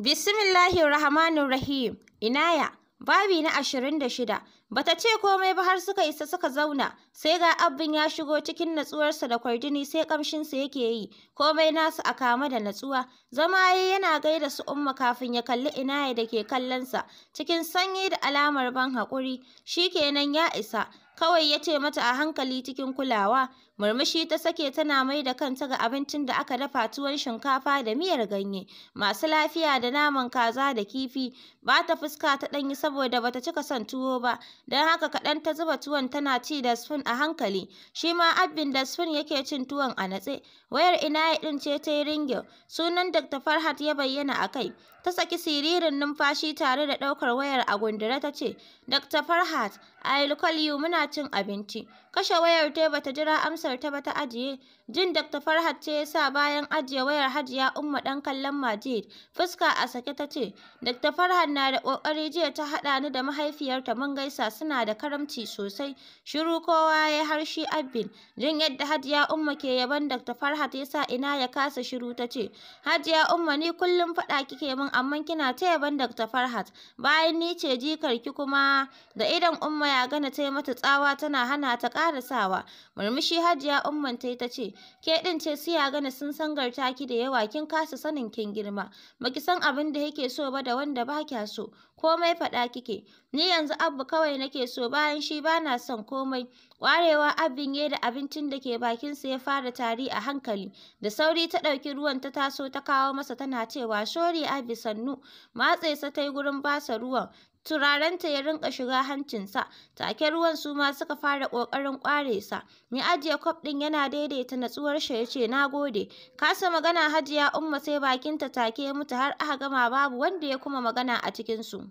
Bismillahir Rahmanir Rahim. Inaya, babi na ashirin da shida. Bata ce komai ba har suka isa suka zauna, sai ga abin ya shigo cikin natsuwarsa da kwardini sai kamshinsa yake yi, komai nasu a kama da natsuwa. Zama ya yana gaida su umma kafin ya kalli Inaya da ke kallonsa, cikin sanyi da alamar ban haƙuri, shi kenan ya isa, kawai ya ce mata a hankali cikin kulawa, Murmushi ta sake tana mai da kanta ga abincin da aka dafa tuwon shinkafa da miyar ganye, masu lafiya da naman kaza da kifi. Ba ta fuska ta ɗanyi saboda ba ta cika son tuwo ba, don haka kaɗan ta zuba tuwon tana ci da spoon a hankali. Shi ma abin da spoon yake cin tuwon a natse. Wayar ya ɗin ce ta yi ringin, sunan Dr. Farhat ya bayyana a kai. Ta saki siririn numfashi tare da ɗaukar wayar a gundura ta ce, Dr. Farhat, I call you muna cin abinci. Kashe wayar ta bata jira amsa amsar ta ba ajiye. Jin Dr. Farhat ce ya sa bayan ajiye wayar Hajiya Umma ɗan kallon Majid, fuska a sake ta ce, Dr. Farhat na da ƙoƙari jiya ta haɗa ni da mahaifiyarta mun gaisa suna da karamci sosai. Shiru kowa ya harshi abin. Jin yadda Hajiya Umma ke yaban Dr. Farhat ya sa ina ya kasa shiru ta ce, Hajiya Umma ni kullum faɗa kike min amma kina ta yaban Dr. Farhat. Bayan ni ce ki kuma da idan Umma ya gana ta mata tsawa tana hana ta sawa. Murmushi Hajiya Umman ta yi ta ce, Ke ɗin ce su ya gane sun sangarta ki da yawa kin kasa sanin kin girma. Baki san abin da yake so ba da wanda ba kya so. Komai faɗa kike. Ni yanzu abu kawai nake so bayan shi ba na son komai. Warewa abin ya da abincin da ke bakin sa ya fara tari a hankali. Da sauri ta ɗauki ruwan ta taso ta kawo masa tana cewa shori abi sannu. Matse sa ta gurin basa ruwan. turarenta ya rinƙa shiga hancinsa, take ruwan su ma suka fara ƙoƙarin ƙware sa. Ni ajiye kwaf ɗin yana daidaita shi ya ce, na gode. Kasa magana Hajiya Umma sai bakinta take mutu har aka gama babu wanda ya kuma magana a cikinsu.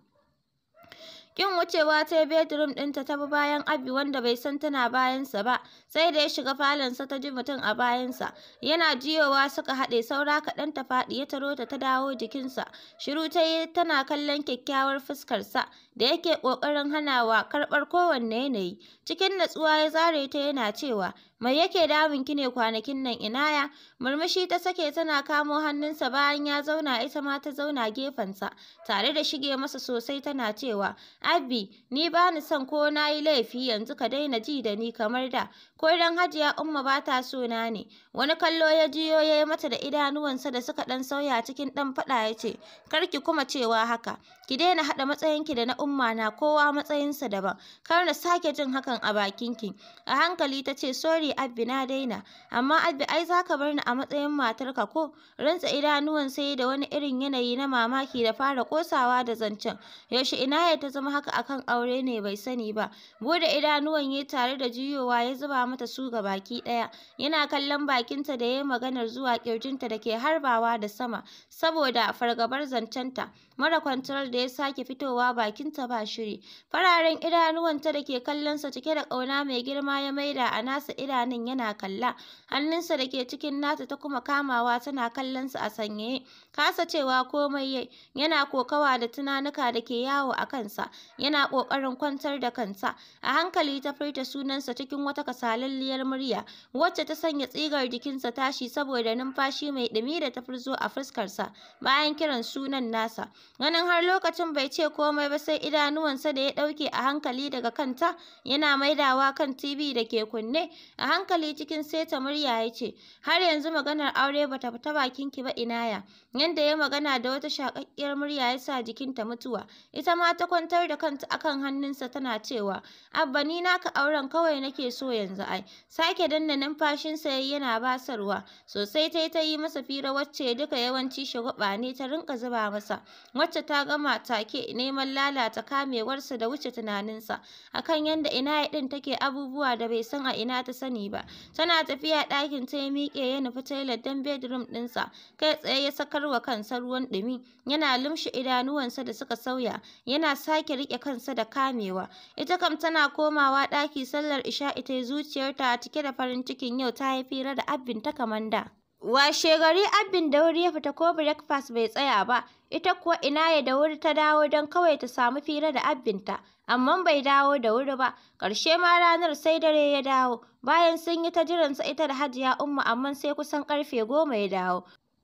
Ƙin wucewa ta yi bedroom ɗinta ta bi bayan Abi wanda bai san tana bayansa ba, sai da ya shiga falonsa ta ji mutum a bayansa. Yana jiyowa suka haɗe saura kaɗan ta faɗi ya taro ta ta dawo jikinsa. Shiru ta yi tana kallon kyakkyawar fuskarsa da yake ƙoƙarin hanawa karɓar kowanne yanayi. Cikin natsuwa ya zare ta yana cewa, Mai yake damunki ne kwanakin nan inaya? Murmushi ta sake tana kamo hannunsa bayan ya zauna ita ma ta zauna gefensa tare da shige masa sosai tana cewa abi ni bani son ko na yi laifi yanzu ka daina ji da ni kamar da ko dan Hajiya Umma ba ta so na ne Wani kallo ya jiyo ya yi mata da idanuwansa da suka ɗan sauya cikin ɗan faɗa ya ce, Kar ki kuma cewa haka, ki daina haɗa ki da na umma na kowa matsayin sa daban, kar na sake jin hakan a bakinki. A hankali ta ce, Sorry Abbi na daina, amma Abbi ai za ka bar ni a matsayin matarka ko? Rantsa idanuwan sai da wani irin yanayi na mamaki da fara kosawa da zancen. Yaushe ina ya ta zama haka akan aure ne bai sani ba. Bude idanuwan ya tare da jiyowa ya zuba mata su ga baki ɗaya, yana kallon baki bakinta da ya yi maganar zuwa kirjinta da ke harbawa da sama saboda fargabar zancenta mara kwantarar da ya sake fitowa bakinta ba shiri fararen idanuwanta da ke kallonsa cike da ƙauna mai girma ya maida a nasa idanun yana kalla hannunsa da ke cikin nata ta kuma kamawa tana kallonsa a sanyaye kasa cewa komai yai yana kokawa da tunanuka da ke yawo a kansa yana ƙoƙarin kwantar da kansa a hankali ta furta sunansa cikin wata kasalalliyar murya wacce ta sanya tsigar jikinsa tashi saboda numfashi mai ɗumi da ta furzo a fuskarsa bayan kiran sunan nasa ganin har lokacin bai ce komai ba sai idanuwansa da ya ɗauke a hankali daga kanta yana maidawa kan TV da ke kunne a hankali cikin seta murya ya ce har yanzu maganar aure bata fita bakinki ba inaya Yanda ya magana da wata shaƙaƙƙiyar murya ya sa jikinta mutuwa, ita ma ta kwantar da kanta akan hannunsa tana cewa, Abba ni naka auren kawai nake so yanzu ai. Sake danna numfashinsa yayi yana basarwa, sosai tai ta yi masa fira wacce duka yawanci shagwaɓa ne ta rinka zuba masa, wacce ta gama take neman lalata kamewarsa da wuce tunaninsa akan yanda ya ɗin take abubuwa da bai san a ina ta sani ba. Tana tafiya ɗakin ta ya miƙe ya nufi tailor don bedroom ɗinsa, kai tsaye ya sakar wa kansa ruwan dumi yana lumshe idanuwansa da suka sauya, yana sake rike kansa da kamewa. Ita kam tana komawa ɗaki sallar isha ta zuciyarta cike da farin cikin yau ta yi fira da abin ta kaman da. Washe gari abin da wuri ya fita ko breakfast bai tsaya ba, ita kuwa ina ya da wuri ta dawo don kawai ta samu fira da abinta, amma bai dawo da wuri ba, karshe ma ranar sai dare ya dawo, bayan sun yi ta jiransa ita da hajiya umma amma sai kusan karfe goma ya dawo,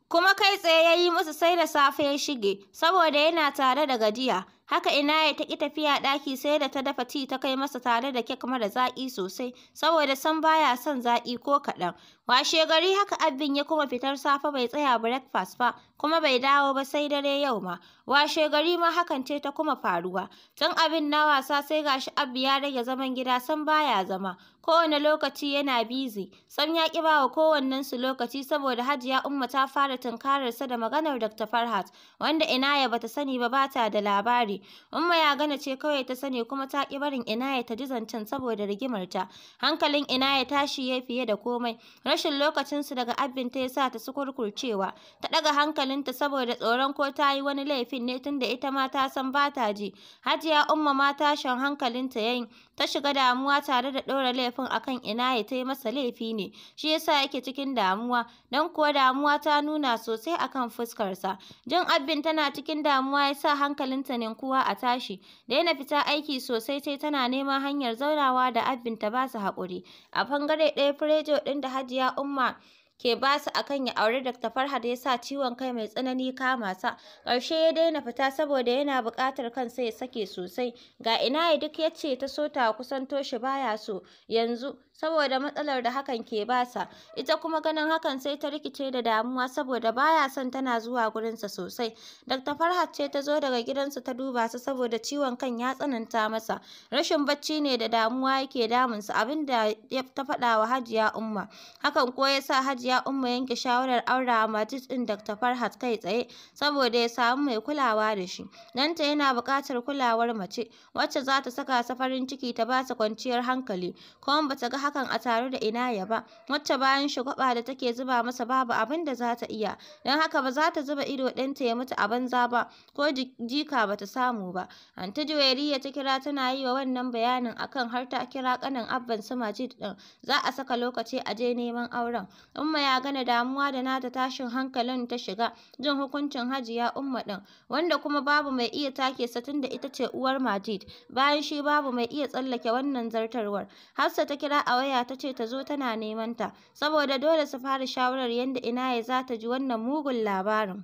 kuma kai tsaye ya yi musu sai da safe ya shige, saboda yana tare da gajiya. Haka Ina ya taƙi tafiya ɗaki sai da ta dafa ti ta kai masa tare da kek mara zaƙi sosai, saboda san baya son zaƙi ko kaɗan. Washe gari haka abin ya kuma fitar safe bai tsaya breakfast ba, kuma bai dawo ba sai dare yau ma. Washe gari ma hakan ce ta kuma faruwa. Tun abin na wasa sai gashi Abbi ya rage zaman gida san baya zama. kowane lokaci yana bizi. Sam ya ƙi bawa kowannensu lokaci saboda Hajiya Umma ta fara tunkararsa da maganar Dr. Farhat, wanda Ina Inaya bata sani ba ba ta da labari. Umma ya gane ce kawai ta sani kuma ta ki barin Inaya ta ji zancen saboda rigimarta. Hankalin Inaya tashi ya fiye da komai. Rashin lokacinsu daga abin ta ya sa ta sukurkurcewa. Ta ɗaga hankalinta saboda tsoron ko ta yi wani laifin ne tunda ita ma ta san ba ta ji. Hajiya Umma ma tashin hankalinta ya yi. ta shiga damuwa tare da ɗora laifin akan ya ta yi masa laifi ne, shi ya sa yake cikin damuwa, don kuwa damuwa ta nuna sosai a kan fuskarsa. Jin Abin tana cikin damuwa ya sa hankalinta ninkuwa a tashi, daina fita aiki sosai sai tana neman hanyar zaunawa da Abin ta ba su haƙuri. A ɓangare ɗaya Firejo ɗin da Hajiya Umma ke ba basu akan ya auri Dr. Farhad ya sa ciwon kai mai tsanani kama sa. Ƙarshe ya daina fita saboda yana buƙatar kansa ya sake sosai. Ga ina ya duk ya ce ta so ta kusan toshe baya so. Yanzu saboda matsalar da hakan ke basa ita kuma ganin hakan sai ta rikice da damuwa saboda baya son tana zuwa gurinsa sosai Dr. Farhat ce ta zo daga gidansu ta duba su saboda ciwon kan ya tsananta masa rashin bacci ne da damuwa yake damunsa abinda ta faɗa wa Hajiya Umma hakan ko ya sa Hajiya Umma yanke shawarar aura Majid ɗin Dr. Farhat kai tsaye saboda ya samu mai kulawa da shi danta yana buƙatar kulawar mace wacce za ta saka sa farin ciki ta ba sa kwanciyar hankali kuma ta ga hakan a tare da ina ya ba, wacce bayan shugaba da take zuba masa babu abin da za ta iya, don haka ba za ta zuba ido ɗinta ya mutu a banza ba, ko jika ba ta samu ba. Anta ya ta kira tana yi wa wannan bayanin akan har ta kira kanin abban su Majid ɗin, za a saka lokaci a je neman auren. Umma ya gane damuwa da nata tashin hankalin ta shiga, jin hukuncin Hajiya Umma ɗin, wanda kuma babu mai iya take sa da ita ce uwar Majid, bayan shi babu mai iya tsallake wannan zartarwar. Hafsa ta kira a a waya ta ce ta zo tana neman ta, saboda dole su fara shawarar yadda Inaya za ta ji wannan mugun labarin.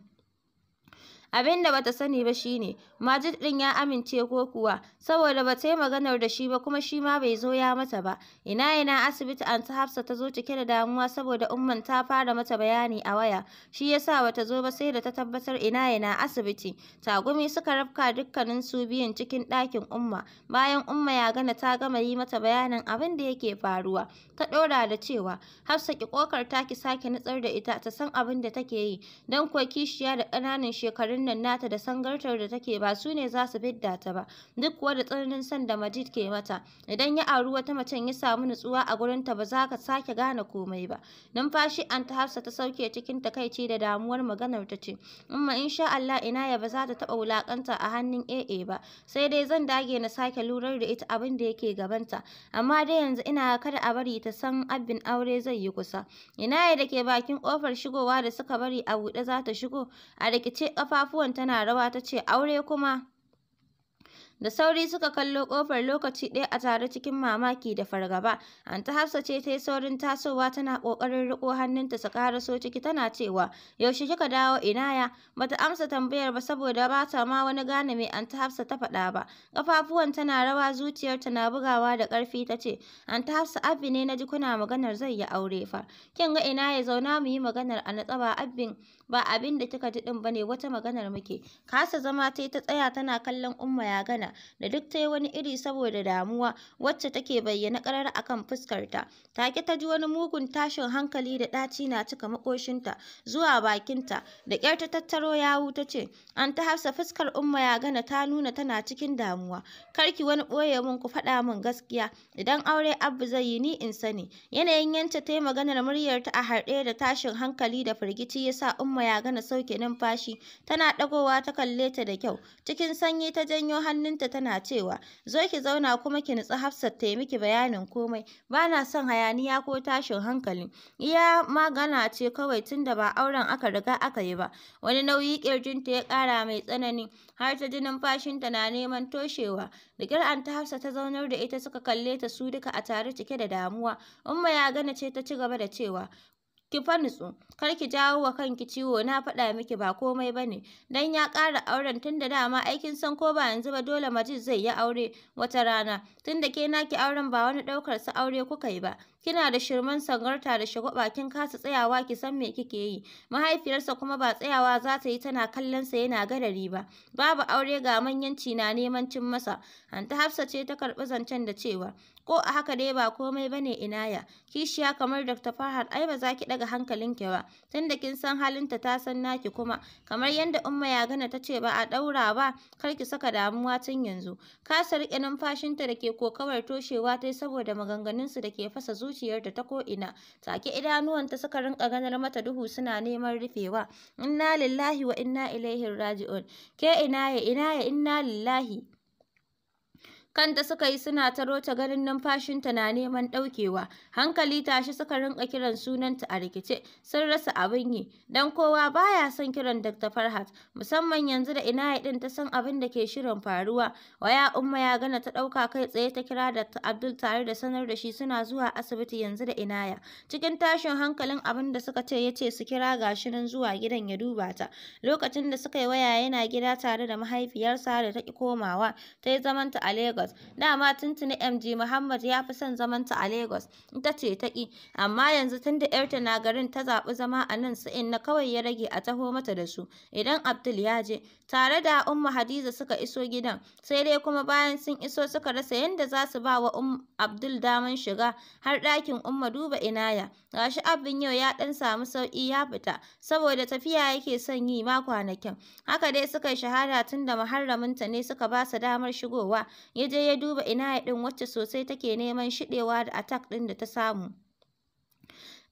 Abin da bata sani ba shine Majid din ya amince ko kuwa saboda bata yi maganar da shi ba kuma shi ma bai zo ya mata ba. Ina ina asibiti ta Hafsa ta zo cike da damuwa saboda umman ta fara mata bayani a waya. Shi yasa bata zo ba sai da ta tabbatar ina ina asibiti. Tagumi suka rafka dukkanin su biyun cikin ɗakin umma. Bayan umma ya gana ta gama yi mata bayanin abin da yake faruwa. Ta ɗora da cewa Hafsa ki kokar ta ki sake nutsar da ita ta san abin da take yi. Don kuwa kishiya da ƙananan shekarun auren nata da sangartar da take ba su ne za su fidda ta ba duk kuwa da tsananin sanda da Majid ke mata idan ya auri wata macen ya samu nutsuwa a gurin ta ba za ka sake gane komai ba numfashi an ta hafsa ta sauke cikin takaici da damuwar maganar ta ce amma insha Allah ina ya ba za ta taba wulakanta a hannun AA ba sai dai zan dage na sake lurar da ita abin da yake gabanta amma dai yanzu ina kada a bari ta san abin aure zai yi kusa ina ya dake bakin kofar shigowa da suka bari a buɗe za ta shigo a rikice kafafu ƙafafuwan tana rawa ta ce aure kuma. Da sauri suka kallo kofar lokaci ɗaya a tare cikin mamaki da fargaba. Anta Hafsa ce ta yi saurin tasowa tana ƙoƙarin riƙo hannunta su ƙaraso ciki tana cewa, yaushe kika dawo ina ya? Bata amsa tambayar ba saboda ba ta ma wani gane mai Anta Hafsa ta faɗa ba. Ƙafafuwan tana rawa zuciyarta na bugawa da ƙarfi ta ce, Anta Hafsa abbi ne na ji kuna maganar zai yi aure fa. Kin ga ina ya zauna mu yi maganar a natsa abbin ba abin da kika ji din bane wata maganar muke kasa zama tai ta tsaya tana kallon umma ya gana da duk tai wani iri saboda damuwa wacce take bayyana karar akan fuskarta take ta ji wani mugun tashin hankali da ɗaci na cika makoshinta zuwa bakinta da kyar ta tattaro yawu ta ce an ta hafsa fuskar umma ya gana ta nuna tana cikin damuwa karki wani ɓoye mun ku faɗa min gaskiya idan aure abu zai yi ni in sani yanayin yanta ta yi maganar muryarta a harɗe da tashin hankali da firgici yasa umma gama ya gana sauke numfashi tana ɗagowa ta kalle ta da kyau cikin sanyi ta janyo hannunta tana cewa zo ki zauna kuma ki nutsi Hafsat ta yi miki bayanin komai ba na son hayaniya ko tashin hankali iya magana ce kawai tunda ba auren aka riga aka yi ba wani nauyi kirjinta ya ƙara mai tsanani har ta ji numfashinta na neman toshewa da an ta Hafsa ta zaunar da ita suka kalle ta su duka a tare cike da damuwa umma ya gana ce ta ci gaba da cewa ki fa nutsu kar ki jawo wa kanki ciwo na faɗa miki ba komai bane dan ya ƙara auren tunda dama aikin san ko ba yanzu ba dole Majid zai yi aure wata rana tunda ke naki auren ba wani ɗaukar sa aure kuka yi ba kina da shirman sangarta da shagwaba kin kasa tsayawa ki san me kike yi mahaifiyarsa kuma ba tsayawa za ta yi tana kallon sa yana gadari ba babu aure ga manyanci na neman cin masa anta hafsa ce ta karɓi zancen da cewa ko a haka dai ba komai bane inaya kishiya kamar dr farhad ai ba za ki daga ki ba tunda kin san halinta ta san naki kuma kamar yadda umma ya gana ta ce ba a daura ba kar ki saka damuwa tun yanzu kasa rike numfashinta da ke kokawar toshewa tai saboda maganganunsu da ke fasa zuciya zuciyarta ta ko'ina take idanuwanta suka rinka ganar mata duhu suna neman rufewa inna lillahi wa inna ilaihi raji'un ke ina ya ina ya inna lillahi Kanta suka yi suna taro ta ganin numfashinta na neman ɗaukewa. Hankali tashi suka rinka kiran sunanta a rikice. Sun rasa abin yi. don kowa baya son kiran Dr. Farhat. Musamman yanzu da ina ɗin ta san abin da ke shirin faruwa. Waya Umma ya gana ta ɗauka kai tsaye ta kira da Abdul tare da sanar da shi suna zuwa asibiti yanzu da inaya. Cikin tashin hankalin abin da suka ce ya ce su kira gashi nan zuwa gidan ya duba ta. Lokacin da suka yi waya yana gida tare da mahaifiyarsa da ta ki komawa. Ta yi zamanta a Lagos. Lagos. Dama tuntuni MG Muhammad ya fi son zaman ta a Lagos. Ita ce ta ƙi. Amma yanzu tun da ‘yarta na garin ta zaɓi zama a nan sa'in na kawai ya rage a taho mata da su. Idan Abdul ya je. Tare da Umma Hadiza suka iso gidan. Sai dai kuma bayan sun iso suka rasa yadda za su ba wa umm Abdul daman shiga har ɗakin Umma duba inaya. Gashi abin yau ya ɗan samu sauƙi ya fita saboda tafiya yake son yi ma kwanakin. Haka dai suka yi shahara tun da muharraminta ne suka ba su damar shigowa. Ya je ya duba ina ɗin wacce sosai take neman shiɗewa da atak ɗin da ta samu.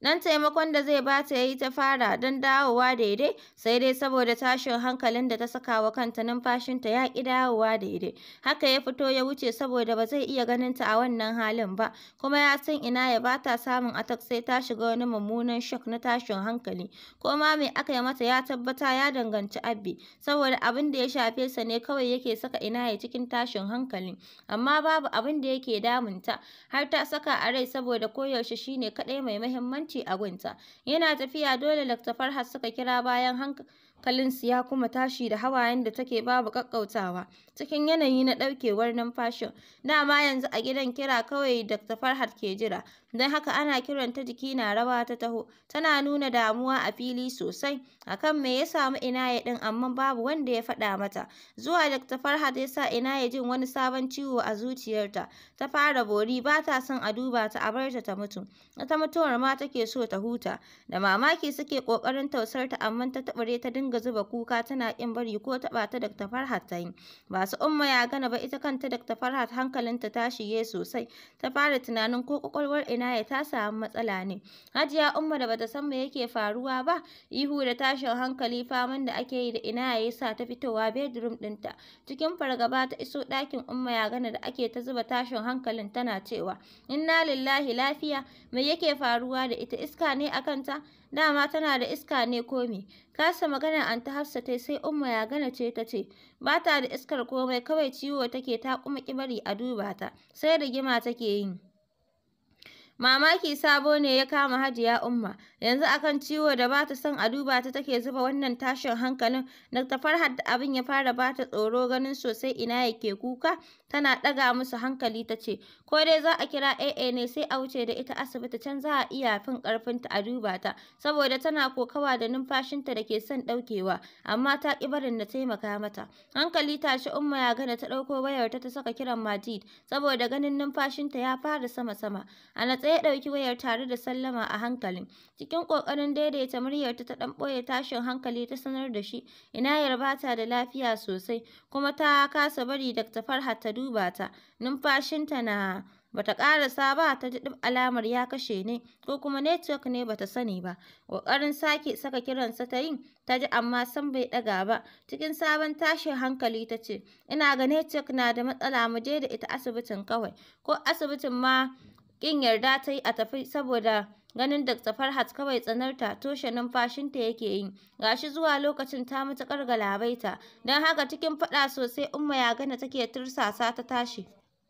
Nan taimakon da zai bata ya yi ta fara don dawowa daidai, sai dai saboda tashin hankalin da ta saka wa kanta numfashinta ya ƙi dawowa daidai. Haka ya fito ya wuce saboda ba zai iya ganin ta a wannan halin ba, kuma ya san ina ya ba ta samun atak sai ta shiga wani mummunan shock na tashin hankali. Ko ma mai aka yi mata ya tabbata ya danganci Abbi, saboda abin da ya shafe sa ne kawai yake saka ina ya cikin tashin hankali, amma babu abin da yake damunta, har ta saka a rai saboda koyaushe shine ne kaɗai mai muhimmanci. hukunci a gunta. Yana tafiya dole Dr. Farhat suka kira bayan hankalinsu ya kuma tashi da hawayen da take babu kakkautawa cikin yanayi na ɗaukewar numfashin. Dama yanzu a gidan kira kawai Dr. Farhat ke jira. don haka ana kiranta jiki na rawa ta taho tana nuna damuwa a fili sosai akan me ya samu ina ya din amma babu wanda ya faɗa mata zuwa Dr. da ya sa ina ya jin wani sabon ciwo a zuciyarta ta fara bori ba ta son a duba ta a bar ta ta mutu ita mutuwar ma take so ta huta da mamaki suke kokarin tausar ta amma ta tabare ta dinga zuba kuka tana kin bari ko taɓa ta Dr. Farhat ta yi ba su umma ya gana ba ita kanta Dr. Farhat hankalinta ta shige sosai ta fara tunanin ko kwakwalwar ya ta samu matsala ne. Hajiya Umma da bata san me yake faruwa ba, ihu da tashin hankali faman da ake yi da ina ya sa ta fitowa bedroom ɗinta. Cikin fargaba ta iso ɗakin Umma ya gana da ake ta zuba tashin hankalin tana cewa, Inna lillahi lafiya, me yake faruwa da ita iska ne a kanta? Dama tana da iska ne ko me? Kasa magana ta Hafsa tai sai Umma ya gana ce ta ce, ba ta da iskar komai kawai ciwo take ta kuma kibari a duba ta, sai rigima take yi. Mamaki sabo ne ya kama Hajiya Umma, yanzu akan ciwo da ba ta son a duba ta take zuba wannan tashin hankalin, ta Farhat da abin ya fara ba ta tsoro ganin sosai ina yake kuka, tana ɗaga musu hankali ta ce, ko dai za a kira AA ne sai a wuce da ita asibiti can za a iya fin ƙarfinta a duba ta, saboda tana kokawa da numfashinta da ke son ɗaukewa, amma ta ƙi barin na taimaka mata. Hankali tashi Umma ya gana ta ɗauko wayarta ta saka kiran Majid, saboda ganin numfashinta ya fara sama-sama. A natse sai ya ɗauki wayar tare da sallama a hankali. Cikin ƙoƙarin daidaita muryarta ta ɗan ɓoye tashin hankali ta sanar da shi, Ina yarba ta da lafiya sosai, kuma ta kasa bari Dr. Farhat ta duba ta, numfashinta na bata karasa ba ta ji duk alamar ya kashe ne ko kuma network ne bata sani ba ƙoƙarin sake saka kiransa ta yin ta ji amma san bai ɗaga ba cikin sabon tashin hankali ta ce ina ga network na da matsala mu je da ita asibitin kawai ko asibitin ma ƙin yarda ta yi a tafi saboda ganin Dr. Farhat kawai tsanarta toshe numfashinta yake yi. ga shi zuwa lokacin ta matuƙar galabaita, don haka cikin faɗa sosai Umma ya gana take tursasa ta tashi.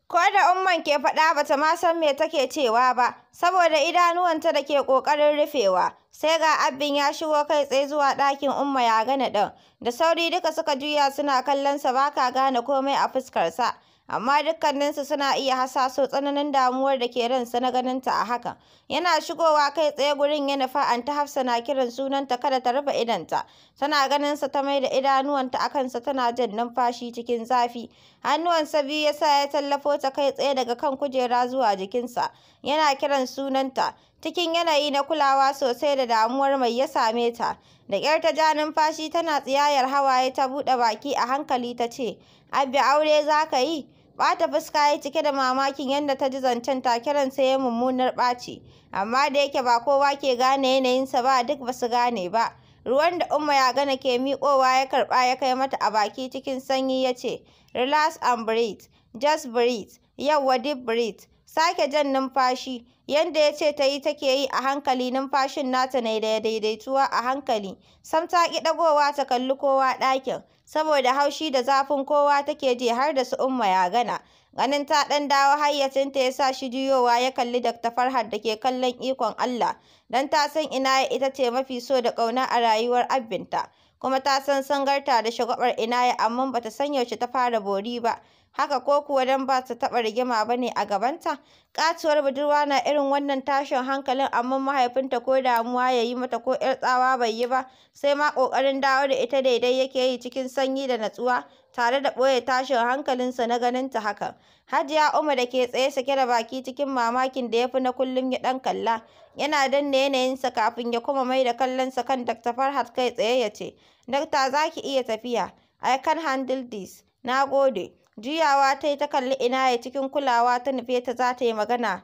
Ko da Umman ke faɗa bata ma san me take cewa ba, saboda idanuwanta da ke ƙoƙarin rufewa. Sai ga abin ya shigo kai tsaye zuwa ɗakin Umma ya gana ɗin. Da sauri duka suka juya suna kallonsa, sa baka gane komai a fuskarsa. amma dukkaninsu suna iya hasaso tsananin damuwar da ke ransa na ganinta a haka yana shigowa kai tsaye gurin ya nufa ta hafsa na kiran sunanta kada ta rufe idanta tana ganinsa ta maida idanuwanta a kansa tana jin numfashi cikin zafi hannuwansa biyu ya sa ya tallafo ta kai tsaye daga kan kujera zuwa jikinsa yana kiran sunanta cikin yanayi na kulawa sosai da damuwar mai ya same ta da ƙyar ta ja numfashi tana tsiyayar hawaye ta buɗe baki a hankali ta ce "Abi aure za ka yi Bata fuska ya cike da mamakin yadda ta ji zancen take sai ya mummunar ɓaci. Amma da yake ba kowa ke gane yanayinsa ba duk basu gane ba. Ruwan da Umma ya gana ke miƙowa ya karɓa ya kai mata a baki cikin sanyi ya ce, Relax and breathe, just breathe, yawwa deep breathe, sake jan numfashi, yadda ya ce ta yi take yi a hankali numfashin nata na da daidaituwa a hankali. Sam ta ƙi ɗagowa ta kalli kowa ɗakin. Saboda haushi da zafin kowa take ji har da su Umma ya gana. Ganin ta ɗan dawo hayyacinta ya sa shi juyowa ya kalli Dr. Farhad da ke kallon ikon Allah. Dan ta san ina ya ita ce mafi so da ƙauna a rayuwar abinta. Kuma ta san sangarta da shagwabar ya amma bata san yaushe ta fara bori ba. haka ko kuwa don ba ta taɓa rigima ba ne a gabanta. Ƙatuwar budurwa na irin wannan tashin hankalin amma mahaifinta ko damuwa ya yi mata ko ‘yar tsawa bai yi ba, sai ma ƙoƙarin dawo da ita daidai yake yi cikin sanyi da natsuwa, tare da ɓoye tashin hankalinsa na ganin ta hakan. Hajiya Umar da ke tsaye sake da baki cikin mamakin da ya fi na kullum ya ɗan kalla, yana danne yanayinsa kafin ya kuma mai da kallonsa kan Dr. Farhat kai tsaye ya ce, dakta za ki iya tafiya, I can handle this, na gode. Juyawa ta yi ta kalli ina ya cikin kulawa ta nufe ta za ta yi magana.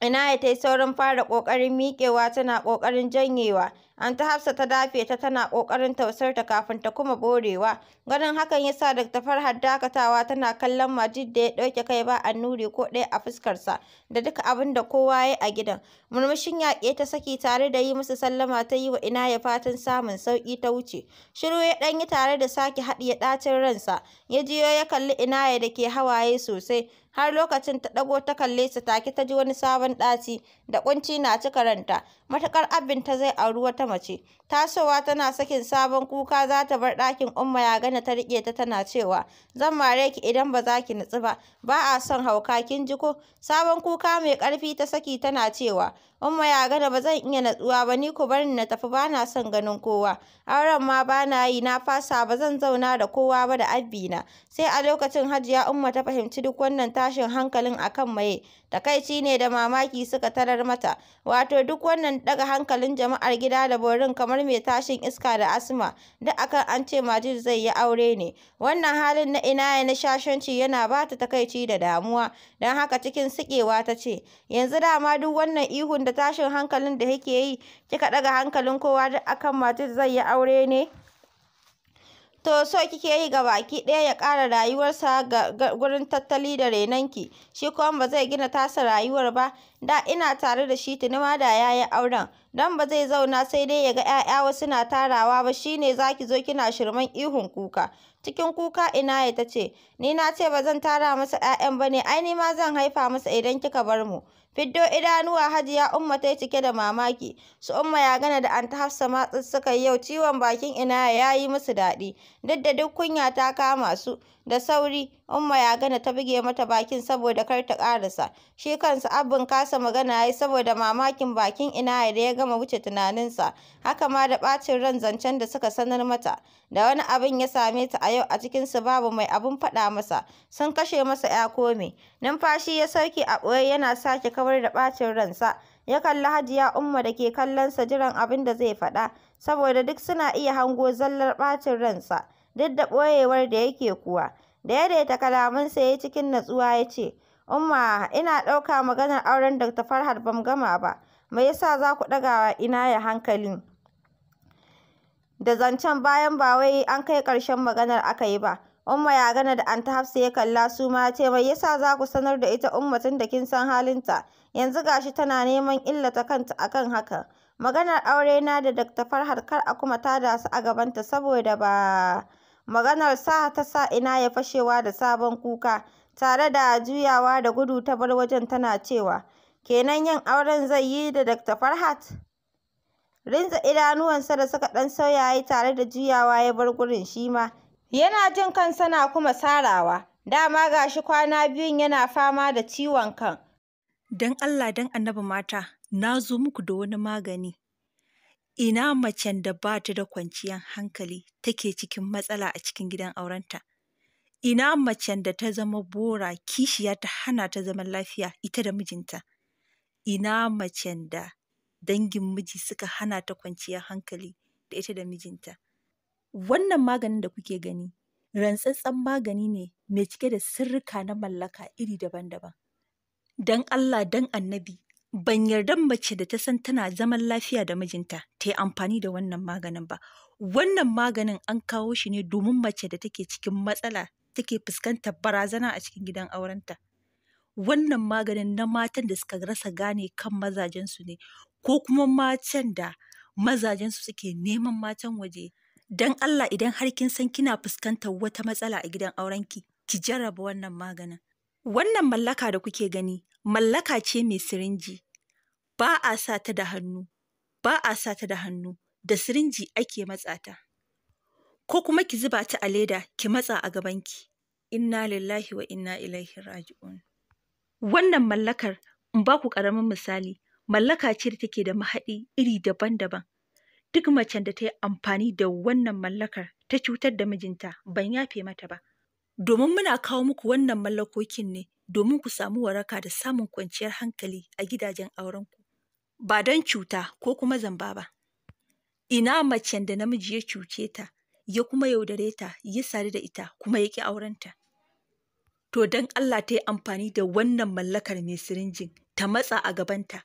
Inaya ta yi saurin fara ƙoƙarin miƙewa tana ƙoƙarin janyewa. ta Hafsa ta dafe ta tana ƙoƙarin tausarta kafin ta kuma borewa. Ganin hakan ya sa Dr. Farhat dakatawa tana kallon Majid da ya ɗauke kai ba annuri ko ɗaya a fuskarsa da duka abin da kowa ya a gidan. Murmushin yaƙe ta saki tare da yi masa sallama ta yi wa ya fatan samun sauƙi ta wuce. Shiru ya ɗan yi tare da sake haɗiye ɗacin ransa. Ya jiyo ya kalli Inaya da ke hawaye sosai. har lokacin ta ɗago ta kalle su take ta ji wani sabon ɗaci da ƙunci na cika ranta Matuƙar abin ta zai auri wata mace tasowa tana sakin sabon kuka za ta bar ɗakin umma ya gana ta riƙe ta tana cewa zan mare ki idan ba za ki nutsu ba ba a son hauka kin ji ko sabon kuka mai ƙarfi ta saki tana cewa umma ya gana ba zan iya natsuwa ba ni ku bar ni na tafi ba na son ganin kowa auren ma ba na yi na fasa ba zan zauna da kowa ba da abbi sai a lokacin hajiya umma ta fahimci duk wannan ta tashin hankalin akan maye takaici ne da mamaki suka tarar mata wato duk wannan daga hankalin jama'ar gida da borin kamar mai tashin iska da asma duk akan an ce majid zai yi aure ne wannan halin na ina ya na shashanci yana ba ta takaici da damuwa don haka cikin sikewa ta ce yanzu dama duk wannan ihun da tashin hankalin da yake yi kika daga hankalin kowa duk akan majid zai yi aure ne to so kike yi ga baki ɗaya ya ƙara rayuwarsa ga gurin tattali da renanki shi kuma ba zai gina tasa rayuwar ba da ina tare da shi tuni ma da yayi auren dan ba zai zauna sai dai ya ga ƴaƴa wasu na tarawa ba Shi shine zaki zo kina shirman ihun kuka cikin kuka ina ya tace ni na ce ba zan tara masa ƴaƴan ne. ai ni ma zan haifa masa idan kika bar mu Fiddo idanuwa Hajiya Umma ta yi cike da mamaki. Su Umma ya gana da Anta Hafsa ma suka yau ciwon bakin ina ya yi musu daɗi. Duk da duk kunya ta kama su. da sauri umma ya gana ta buge mata bakin saboda kar ta karasa shi kansa abin kasa magana yayi saboda mamakin bakin ina da ya gama wuce tunaninsa haka ma da bacin ran zancen da suka sanar mata da wani abin ya same ta a yau a cikin su babu mai abin faɗa masa sun kashe masa ya kome numfashi ya sauke a ɓoye yana sake kawar da bacin ransa ya kalli Hajiya Umma da ke kallonsa jiran abin da zai faɗa, saboda duk suna iya hango zallar ɓacin ransa. duk da ɓoyewar da yake kuwa. da Daidaita kalamansa ya yi cikin natsuwa ya ce, Umma, ina ɗauka maganar auren Dr. Farhad ban gama ba, me yasa za ku ɗaga ina ya hankali? Da zancen bayan ba wai an kai ƙarshen maganar aka yi ba. Umma ya gana da an ta Hafsa ya kalla su ma ce mai yasa za ku sanar da ita Umma tun da kin san halinta. Yanzu gashi tana neman illata kanta akan haka. Maganar aure na da Dr. Farhad kar a kuma tada su a gabanta saboda ba Maganar sa ta sa Ina ya fashewa da sabon kuka, tare da juyawa da gudu ta bar wajen tana cewa, kenan yin auren zai yi da Dr. Farhat? Rinza idanuwansa da suka ɗan sauya ya tare da juyawa ya bar gurin shi ma. Yana jin kansa na kuma sarawa, dama ga shi kwana biyun yana fama da ciwon kan. Don Allah don annabi mata, na zo muku da wani magani ina macen da ba ta da kwanciyar hankali take cikin matsala a cikin gidan aurenta ina macen da ta zama bora kishiya ta hana ta zaman lafiya ita da mijinta ina macen da dangin miji suka hana ta kwanciyar hankali da ita da mijinta wannan maganin da kuke gani rantsatsen magani ne mai cike da sirrika na mallaka iri daban-daban Dan Allah dan annabi ban yarda mace da ta san tana zaman lafiya da mijinta ta yi amfani da wannan maganin ba wannan maganin an kawo shi ne domin mace da take cikin matsala take fuskantar barazana a cikin gidan aurenta wannan maganin na matan da suka rasa gane kan mazajensu ne ko kuma matan da mazajensu suke neman matan waje don allah idan har kin san kina fuskantar wata matsala a gidan aurenki ki jarraba wannan maganin wannan mallaka da kuke gani mallaka ce mai sirinji, ba a sa ta da hannu, ba a sa ta da hannu, da sirinji ake matsa ta. Ko kuma ki zuba ta a leda ki matsa a gabanki. Inna lillahi wa inna ilaihi raji'un. Wannan mallakar, in ba ku ƙaramin misali, mallaka ce da take da mahaɗi iri daban-daban. Duk macen da ta yi amfani da wannan mallakar ta cutar da mijinta ban yafe mata ba. Domin muna kawo muku wannan mallakokin ne domin ku samu waraka da samun kwanciyar hankali a gidajen aurenku, ba don cuta ko kuma zamba ba. Ina macen da namiji ya cuce ta, ya kuma yaudare ta, ya sadu da ita, kuma ya ƙi aurenta. To don Allah ta yi amfani da wannan mallakar mai sirinjin, ta matsa a gabanta,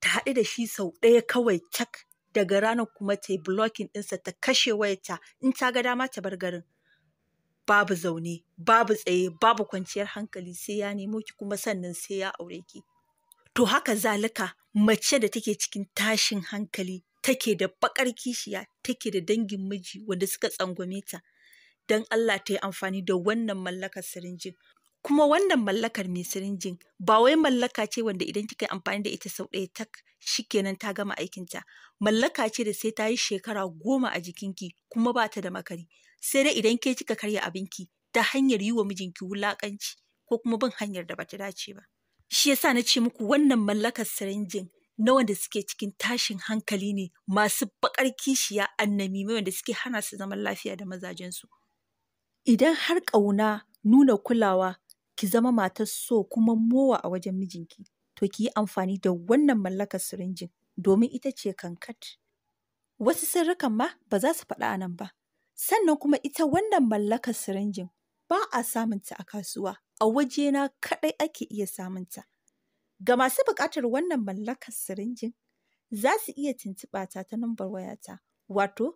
ta haɗu da shi sau ɗaya kawai cak daga ranar kuma ta yi blocking ɗinsa ta kashe wayata in ta ga dama ta bar garin babu zaune babu tsaye babu kwanciyar hankali sai ya nemo ki kuma sannan sai ya aure ki to haka zalika mace da take cikin tashin hankali take da bakar kishiya take da dangin miji wanda suka tsangwame ta don Allah ta yi amfani da wannan mallakar sirinjin kuma wannan mallakar mai sirinjin ba wai mallaka ce wanda idan kika yi amfani da ita sau ɗaya tak shikenan ta gama aikinta mallaka ce da sai ta yi shekara goma a jikinki kuma ba ta da makari sai dai idan ke kika karya abinki ta hanyar yi wa mijinki wulaƙanci ko kuma bin hanyar da bata dace ba shi yasa na ce muku wannan mallakar sirinjin na wanda suke cikin tashin hankali ne masu baƙar kishiya annami mai wanda suke hana su zaman lafiya da mazajensu idan har ƙauna nuna kulawa ki zama matar so kuma mowa a wajen mijinki to ki yi amfani da wannan mallakar sirinjin domin ita ce kankat wasu sirrikan ma ba za su faɗa a nan ba Sannan kuma ita wannan mallakar sirinjin ba a samunta a kasuwa, a wajena kaɗai ake iya samunta. Ga masu buƙatar wannan mallakar sirinjin, za su iya tuntuɓa ta ta nambar wayata, wato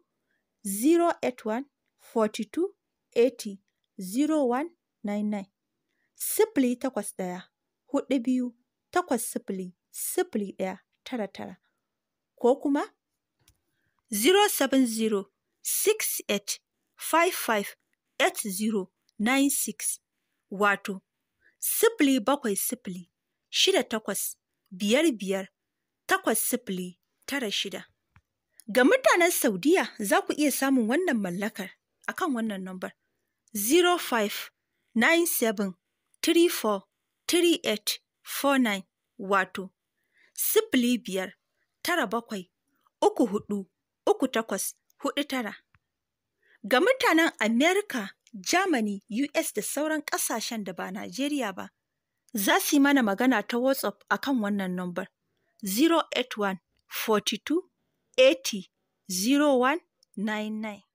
081 42 80 0199 sifili takwas ɗaya huɗu biyu takwas sifili sifili ɗaya tara tara ko kuma 070 68558096 wato, sifili bakwai sifili shida takwas biyar biyar takwas sifili tara shida. Ga mutanen Saudiya za ku iya samun wannan mallakar a kan wannan nambar 0597343849 wato, sifili biyar tara bakwai uku hudu uku takwas 49 ga mutanen Amerika, Germany, US da sauran ƙasashen da ba Najeriya ba, za su yi mana magana ta WhatsApp a kan wannan nambar 081 42 80 0199.